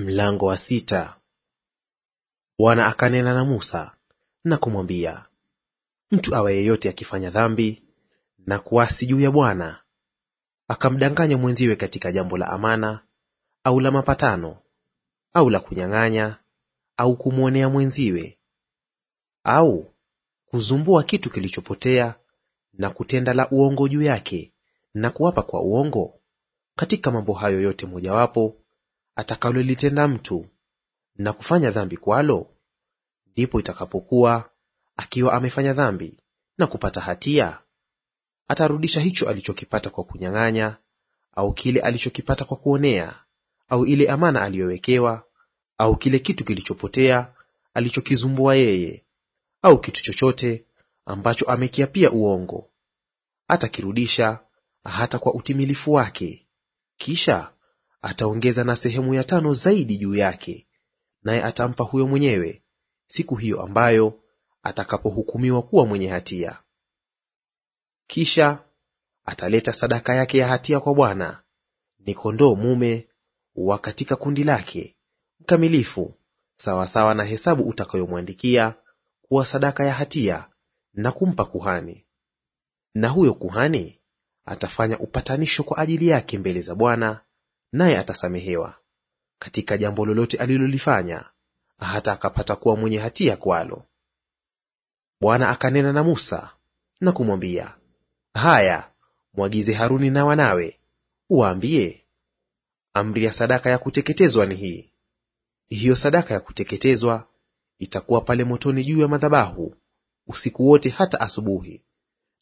Mlango wa sita. Bwana akanena na Musa na kumwambia, mtu awe yeyote akifanya dhambi na kuasi juu ya Bwana, akamdanganya mwenziwe katika jambo la amana au la mapatano au la kunyang'anya au kumwonea mwenziwe au kuzumbua kitu kilichopotea na kutenda la uongo juu yake na kuapa kwa uongo, katika mambo hayo yote mojawapo atakalolitenda mtu na kufanya dhambi kwalo, ndipo itakapokuwa akiwa amefanya dhambi na kupata hatia, atarudisha hicho alichokipata kwa kunyang'anya, au kile alichokipata kwa kuonea, au ile amana aliyowekewa, au kile kitu kilichopotea alichokizumbua yeye, au kitu chochote ambacho amekiapia uongo; atakirudisha hata kwa utimilifu wake. Kisha ataongeza na sehemu ya tano zaidi juu yake, naye atampa huyo mwenyewe siku hiyo ambayo atakapohukumiwa kuwa mwenye hatia. Kisha ataleta sadaka yake ya hatia kwa Bwana, ni kondoo mume wa katika kundi lake mkamilifu, sawasawa na hesabu utakayomwandikia kuwa sadaka ya hatia, na kumpa kuhani. Na huyo kuhani atafanya upatanisho kwa ajili yake mbele za Bwana naye atasamehewa katika jambo lolote alilolifanya, hata akapata kuwa mwenye hatia kwalo. Bwana akanena na Musa na kumwambia, haya, mwagize Haruni na wanawe, uwaambie, amri ya sadaka ya kuteketezwa ni hii. Hiyo sadaka ya kuteketezwa itakuwa pale motoni juu ya madhabahu usiku wote hata asubuhi,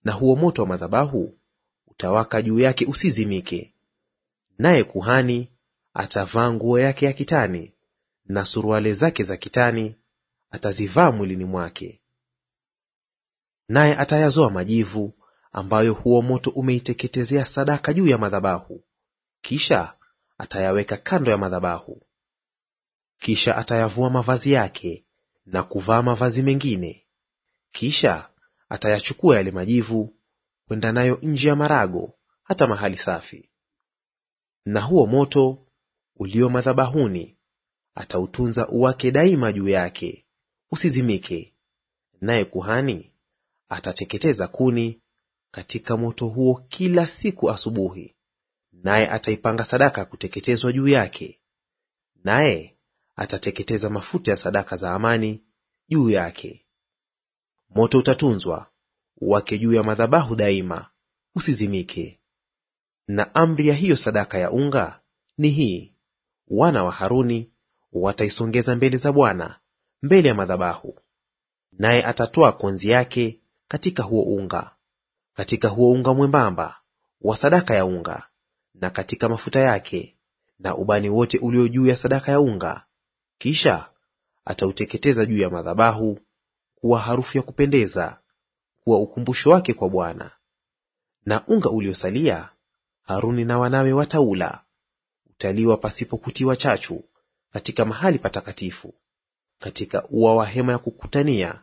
na huo moto wa madhabahu utawaka juu yake usizimike. Naye kuhani atavaa nguo yake ya kitani, na suruale zake za kitani atazivaa mwilini mwake. Naye atayazoa majivu ambayo huo moto umeiteketezea sadaka juu ya madhabahu, kisha atayaweka kando ya madhabahu. Kisha atayavua mavazi yake na kuvaa mavazi mengine, kisha atayachukua yale majivu kwenda nayo nje ya marago hata mahali safi na huo moto ulio madhabahuni atautunza uwake daima juu yake, usizimike. Naye kuhani atateketeza kuni katika moto huo kila siku asubuhi, naye ataipanga sadaka ya kuteketezwa juu yake, naye atateketeza mafuta ya sadaka za amani juu yake. Moto utatunzwa uwake juu ya madhabahu daima, usizimike. Na amri ya hiyo sadaka ya unga ni hii: wana wa Haruni wataisongeza mbele za Bwana mbele ya madhabahu, naye atatoa konzi yake katika huo unga, katika huo unga mwembamba wa sadaka ya unga, na katika mafuta yake, na ubani wote ulio juu ya sadaka ya unga. Kisha atauteketeza juu ya madhabahu kuwa harufu ya kupendeza, kuwa ukumbusho wake kwa Bwana. Na unga uliosalia Haruni na wanawe wataula; utaliwa pasipo kutiwa chachu katika mahali patakatifu, katika ua wa hema ya kukutania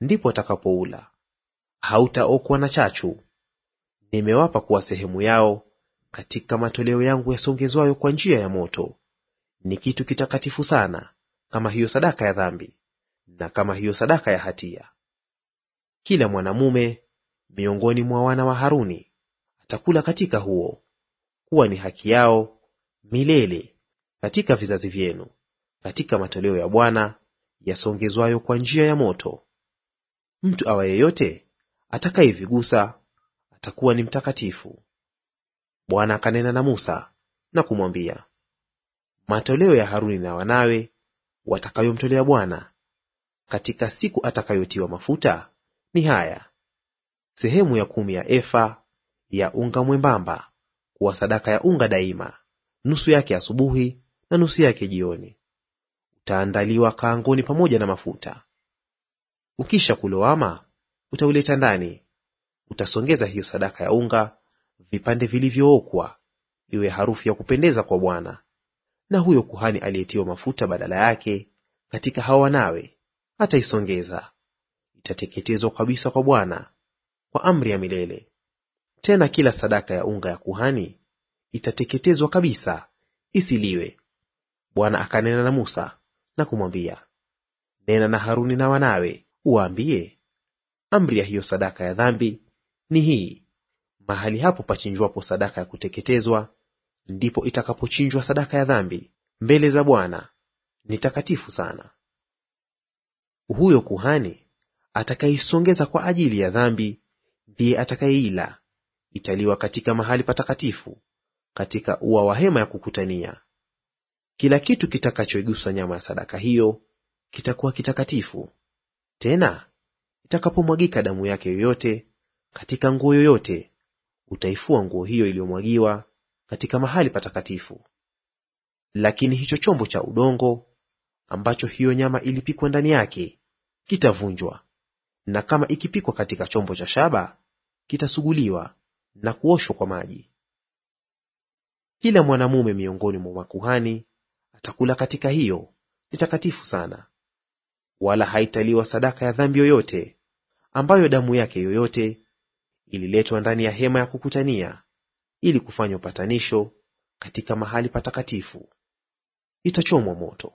ndipo watakapoula. Hautaokwa na chachu. Nimewapa kuwa sehemu yao katika matoleo yangu yasongezwayo kwa njia ya moto; ni kitu kitakatifu sana, kama hiyo sadaka ya dhambi na kama hiyo sadaka ya hatia. Kila mwanamume miongoni mwa wana wa Haruni Watakula katika huo, kuwa ni haki yao milele katika vizazi vyenu, katika matoleo ya Bwana yasongezwayo kwa njia ya moto. Mtu awa yeyote atakayevigusa atakuwa ni mtakatifu. Bwana akanena na Musa na kumwambia, matoleo ya Haruni na wanawe watakayomtolea Bwana katika siku atakayotiwa mafuta ni haya: sehemu ya kumi ya efa ya unga mwembamba kuwa sadaka ya unga daima, nusu yake asubuhi na nusu yake jioni. Utaandaliwa kaangoni pamoja na mafuta. Ukisha kuloama, utauleta ndani. Utasongeza hiyo sadaka ya unga vipande vilivyookwa, iwe harufu ya kupendeza kwa Bwana. Na huyo kuhani aliyetiwa mafuta badala yake katika hawa wanawe ataisongeza. Itateketezwa kabisa kwa Bwana kwa amri ya milele. Tena kila sadaka ya unga ya kuhani itateketezwa kabisa, isiliwe. Bwana akanena na Musa na kumwambia, nena na Haruni na wanawe, uwaambie, amri ya hiyo sadaka ya dhambi ni hii: mahali hapo pachinjwapo sadaka ya kuteketezwa, ndipo itakapochinjwa sadaka ya dhambi mbele za Bwana; ni takatifu sana. Huyo kuhani atakayeisongeza kwa ajili ya dhambi ndiye atakayeila italiwa katika mahali patakatifu, katika ua wa hema ya kukutania. Kila kitu kitakachoigusa nyama ya sadaka hiyo kitakuwa kitakatifu. Tena itakapomwagika damu yake yoyote katika nguo yoyote, utaifua nguo hiyo iliyomwagiwa katika mahali patakatifu. Lakini hicho chombo cha udongo ambacho hiyo nyama ilipikwa ndani yake kitavunjwa, na kama ikipikwa katika chombo cha shaba kitasuguliwa, na kuoshwa kwa maji. Kila mwanamume miongoni mwa makuhani atakula katika hiyo, ni takatifu sana. Wala haitaliwa sadaka ya dhambi yoyote ambayo damu yake yoyote ililetwa ndani ya hema ya kukutania ili kufanya upatanisho katika mahali patakatifu; itachomwa moto.